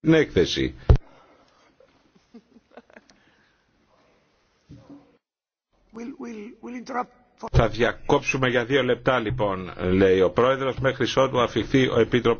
την έκθεση. Θα διακόψουμε για δύο λεπτά λοιπόν, λέει ο πρόεδρος, μέχρι ότου αφηθεί ο Επίτροπος